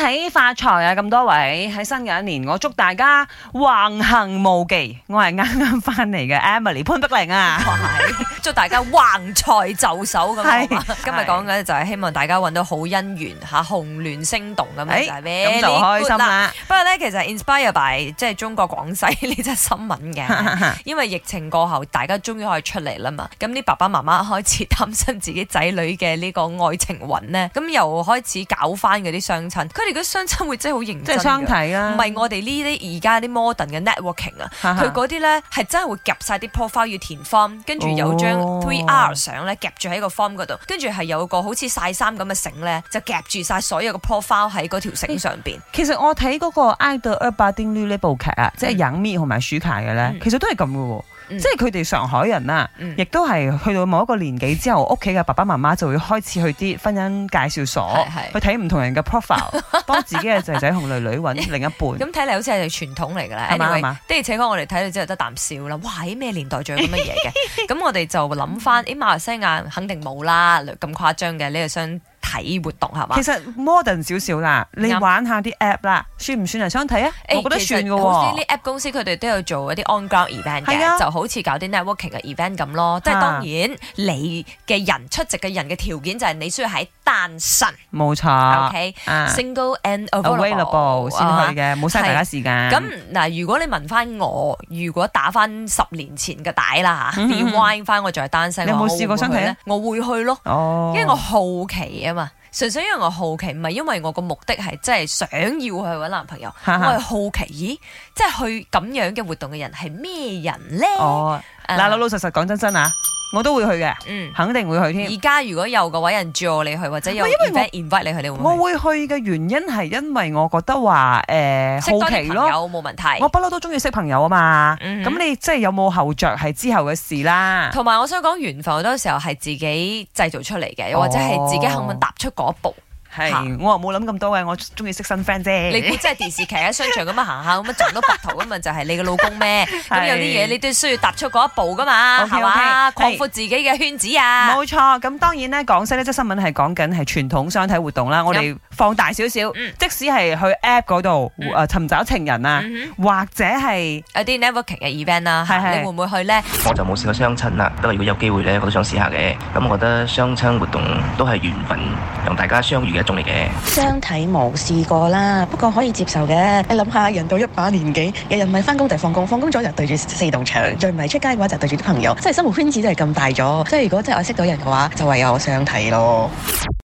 喺發財啊！咁多位喺新嘅一年，我祝大家橫行無忌。我係啱啱翻嚟嘅 Emily 潘碧玲啊，祝大家橫財就手咁。今日講嘅就係希望大家揾到好姻緣吓，紅鸞星動咁樣，咁、就是、就開心啦。不過呢，其實 inspire by 即係中國廣西呢則新聞嘅， 因為疫情過後，大家終於可以出嚟啦嘛。咁啲爸爸媽媽開始擔心自己仔女嘅呢個愛情運呢，咁又開始搞翻嗰啲相親。如果相親會真係好認真，即係相睇啦，唔係我哋呢啲而家啲 modern 嘅 networking 啊，佢嗰啲咧係真係會夾晒啲 profile 要填 form，跟住有張 3R 相咧夾住喺個 form 嗰度，跟住係有一個好似曬衫咁嘅繩咧，就夾住晒所有嘅 profile 喺嗰條繩上邊，嗯。其實我睇嗰，那個《i 到阿巴丁》呢部劇啊，嗯，即係楊冪同埋舒淇嘅咧，其實都係咁嘅，即係佢哋上海人啊，亦、嗯、都係去到某一個年紀之後，屋企嘅爸爸媽媽就會開始去啲婚姻介紹所是是去睇唔同人嘅 profile。 幫自己嘅仔仔同女女揾另一半，咁睇嚟好似係傳統嚟嘅啦。係、anyway，嘛？跟住，的而且確我哋睇到之後得啖笑啦。哇！喺咩年代仲有咁乜嘢嘅？咁 我哋就諗翻，喺、哎、馬來西亞肯定冇啦，咁誇張嘅你又想。睇活動係嘛？其實 modern 少少啦，你玩下啲 app 啦，算唔算係相睇啊？我覺得算嘅喎。好似啲 app 公司佢哋都有做一啲 on ground event 就好似搞啲 networking event 咁咯。啊、即係當然，你嘅人出席嘅人嘅條件就係你需要喺單身。冇錯，OK，single、okay？啊、and available 先去嘅，冇、啊、嘥大家時間。咁嗱，如果你問翻我，如果打翻十年前嘅帶啦，be wine 翻，我仲係單身。你有冇試過相睇咧？我會去咯，哦、因為我好奇啊嘛。純粹因為我好奇，唔係因為我個目的係真係想要去搵男朋友，我 係好奇，咦，即係去咁樣嘅活動嘅人係咩人呢？哦，嗱、uh,，老老實實講真心啊。我都會去嘅，嗯，肯定會去添。而家如果有個位人助你去，或者有因為我，或者 invite 你去，你會唔會去？我會去嘅原因係因為我覺得話，誒、呃，好奇咯。識朋友冇問題。我不嬲都中意識朋友啊嘛。咁、嗯、你即係有冇後着係之後嘅事啦？同埋我想講，緣分好多時候係自己製造出嚟嘅，或者係自己肯唔肯踏出嗰一步。哦。係，我又冇諗咁多嘅，我中意識新 friend 啫。你估即係電視劇喺、啊、商場咁樣行下，咁樣撞到白頭咁啊， 就係你嘅老公咩？咁有啲嘢你都需要踏出嗰一步噶嘛，係、okay，嘛，擴、okay，闊自己嘅圈子啊。冇錯，咁當然咧，廣西咧即係新聞係講緊係傳統相親活動啦、嗯。我哋放大少少、嗯，即使係去 App 度誒尋找情人啊、嗯，或者係一啲 networking 嘅 event 啦、啊，你會唔會去咧？我就冇試過相親啦，不過如果有機會咧，我都想試下嘅。咁我覺得相親活動都係緣分，讓大家相遇相睇冇試過啦，不過可以接受嘅。你諗下，人到一把年紀，日日咪翻工就放工，放工咗就對住四棟牆，最唔係出街嘅話就對住啲朋友，即係生活圈子都係咁大咗。即係如果真係我識到人嘅話，就唯有我相睇咯。